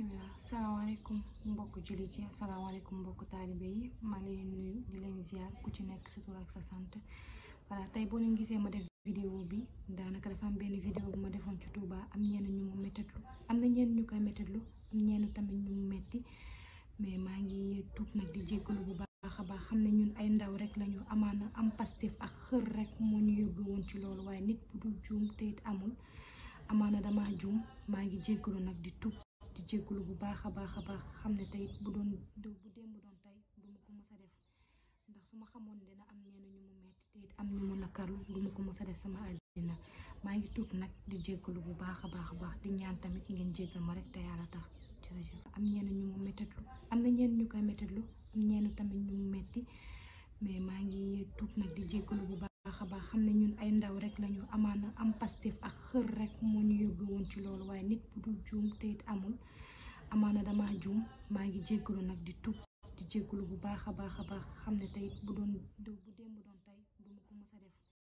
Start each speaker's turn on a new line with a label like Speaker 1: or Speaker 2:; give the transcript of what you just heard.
Speaker 1: bisimila salaamaaleykum mbokk jullit yi salaamaaleykum mbokk taalibe yi maa leen nuyu di leen ziar ku ci nekk sa tur ak sa sant voilà tey boo leen gisee ma def vidéo bi daanaka dafa am benn bu ma defoon ci Touba am ñenn ñu mu méttatlu am na ñenn ñu koy méttatlu tamit ñu metti mais maa ngi tuub nag di jéggalu bu baax a baax xam ne ñun ay ndaw rek lañu amaana am pastif ak xër rek moo ñu yóbbu woon ci loolu waaye nit bu dul juum te it amul amaana dama juum maa ngi jéggalu nag di tuub di jégalu bu baax a baax a baax xam ne tey bu doon bu démb doon tey du ma ko mës a def ndax su ma xamoon dina am ñenn ñu mu metti te it am ñu mu nakarlu du ma ko a def sama maa ngi tuub nag di jégalu bu baax a baax a baax di ñaan tamit ngeen jégal ma rek te yàlla tax jërëjëf ñu mu méttitlu am na ñenn ñu koy méttitlu am ñenn tamit ñu mu metti mais maa ngi tuub nag di jégalu bu baax a baax xam ne ñun ay ndaw rek lañu amaana am pastif xër rek moo nu yóbbu woon ci loolu waaye nit bu dul juum te it amul amaana dama juum maa ngi jéggalu nag di tub di jéggalu bu baax a baax a baax xam ne tey bu doon